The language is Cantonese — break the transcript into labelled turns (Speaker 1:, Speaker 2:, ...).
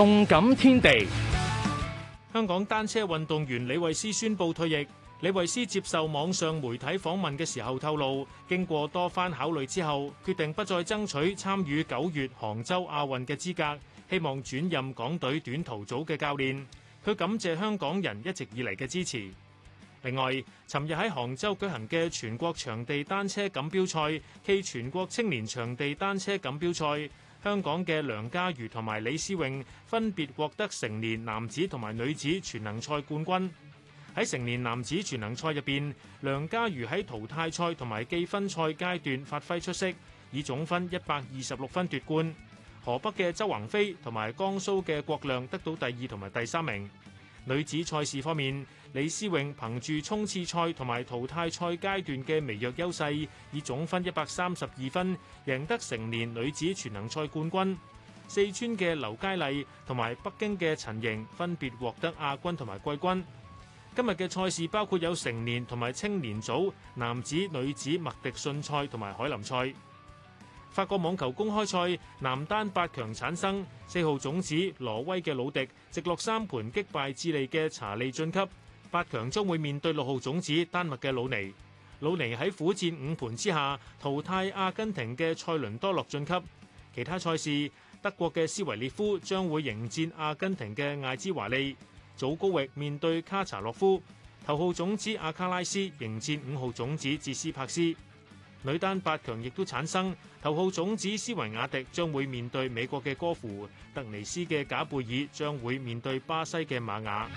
Speaker 1: 動感天地，香港單車運動員李慧詩宣布退役。李慧詩接受網上媒體訪問嘅時候透露，經過多番考慮之後，決定不再爭取參與九月杭州亞運嘅資格，希望轉任港隊短途組嘅教練。佢感謝香港人一直以嚟嘅支持。另外，尋日喺杭州舉行嘅全國場地單車錦標賽暨全國青年場地單車錦標賽。香港嘅梁家瑜同埋李思穎分別獲得成年男子同埋女子全能賽冠軍。喺成年男子全能賽入邊，梁家瑜喺淘汰賽同埋記分賽階段發揮出色，以總分一百二十六分奪冠。河北嘅周宏飛同埋江蘇嘅郭亮得到第二同埋第三名。女子賽事方面，李思穎憑住衝刺賽同埋淘汰賽階段嘅微弱優勢，以總分一百三十二分贏得成年女子全能賽冠軍。四川嘅劉佳麗同埋北京嘅陳瑩分別獲得亞軍同埋季軍。今日嘅賽事包括有成年同埋青年組男子、女子麥迪遜賽同埋凱林賽。法國網球公開賽男單八強產生，四號種子挪威嘅魯迪直落三盤擊敗智利嘅查理晉級，八強將會面對六號種子丹麥嘅魯尼。魯尼喺苦戰五盤之下淘汰阿根廷嘅塞倫多洛晉級。其他賽事，德國嘅斯維列夫將會迎戰阿根廷嘅艾茲華利，祖高域面對卡查洛夫。頭號種子阿卡拉斯迎戰五號種子捷斯帕斯。女單八強亦都產生，頭號種子斯維亞迪將會面對美國嘅戈芙，特尼斯嘅賈貝爾將會面對巴西嘅瑪雅。